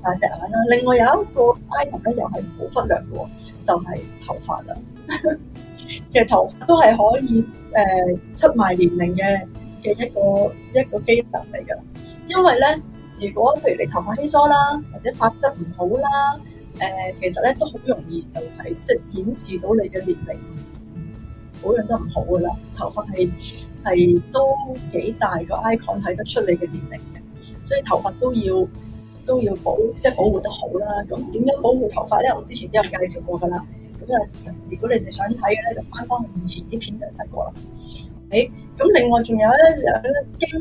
但隻眼啦，另外有一個 item 咧，又係唔好忽略嘅，就係頭髮啦。 其實頭髮都係可以誒、呃、出賣年齡嘅嘅一個一個基石嚟噶，因為咧。如果譬如你頭髮稀疏啦，或者髮質唔好啦，誒、呃，其實咧都好容易就係即係顯示到你嘅年齡，保養得唔好噶啦。頭髮係係都幾大個 icon，睇得出你嘅年齡嘅，所以頭髮都要都要保，即係保護得好啦。咁點樣保護頭髮咧？我之前都有介紹過噶啦。咁啊，如果你哋想睇嘅咧，就翻翻我以前啲片就睇過啦。誒、欸，咁另外仲有咧兩，經常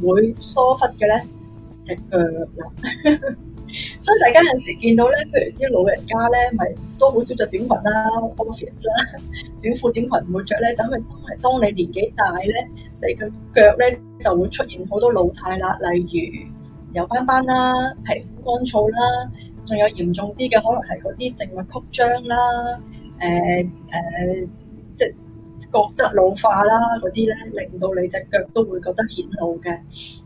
會疏忽嘅咧。隻腳啦，腳 所以大家有時見到咧，譬如啲老人家咧，咪都好少着短裙啦、 obvious 啦、短褲、短裙唔會着咧，等佢當你年紀大咧，你嘅腳咧就會出現好多老態啦，例如有斑斑啦、皮膚乾燥啦，仲有嚴重啲嘅可能係嗰啲靜脈曲張啦。誒、呃、誒、呃，即係。角質老化啦，嗰啲咧令到你隻腳都會覺得顯老嘅，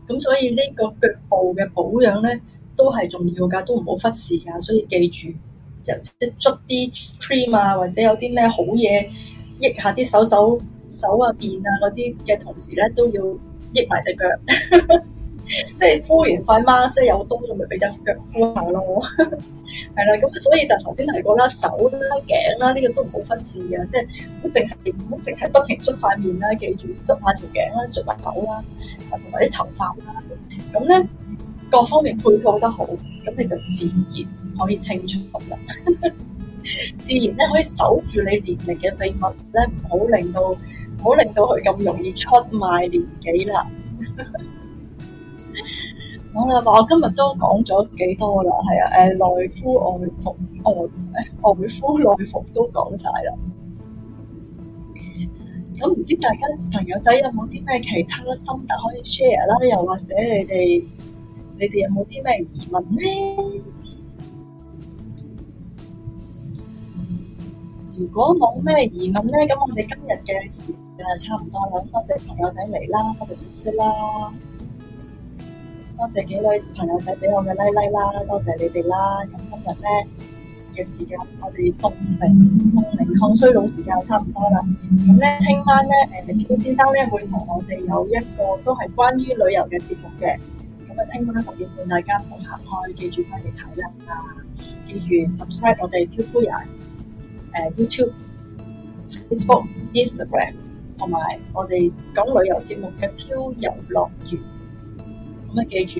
咁所以呢個腳部嘅保養咧都係重要噶，都唔好忽視噶。所以記住，即係捽啲 cream 啊，或者有啲咩好嘢，益下啲手手手面啊邊啊嗰啲嘅同時咧，都要益埋隻腳。 即係敷完塊 mask 有多咁咪俾隻腳敷下咯，係 啦。咁所以就頭先提過啦，手啦、頸啦呢個都唔好忽視啊。即係淨係唔好淨係不停捽塊面啦，記住捽下條頸啦，捽下手啦，同埋啲頭髮啦。咁咧各方面配套得好，咁你就自然可以清楚咁啦。 自然咧可以守住你年齡嘅秘密咧，唔好令到唔好令到佢咁容易出賣年紀啦。 我啦，我今日都講咗幾多啦，係啊，誒，內敷外敷外誒外敷內敷都講晒啦。咁唔知大家朋友仔有冇啲咩其他心得可以 share 啦？又或者你哋你哋有冇啲咩疑問咧？如果冇咩疑問咧，咁我哋今日嘅時間差唔多啦，多謝朋友仔嚟啦，我就收收啦。多謝幾位朋友仔俾我嘅 like 啦，多謝你哋啦。咁今日咧嘅時間，我哋凍齡凍齡抗衰老時間差唔多啦。咁咧，聽晚咧，誒、呃，漂夫先生咧會同我哋有一個都係關於旅遊嘅節目嘅。咁、嗯、啊，聽晚十點半大家唔好行開記住翻嚟睇啦。記住、啊、住 subscribe 我哋漂夫人誒 YouTube Facebook、Facebook、Instagram 同埋我哋講旅遊節目嘅漂遊樂園。咁啊，記住，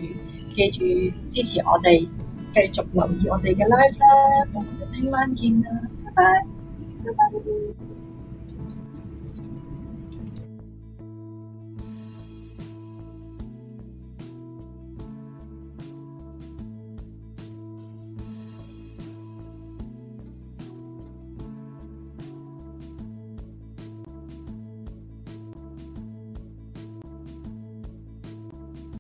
記住支持我哋，繼續留意我哋嘅 live 啦，我哋聽晚見啦，拜拜，拜拜。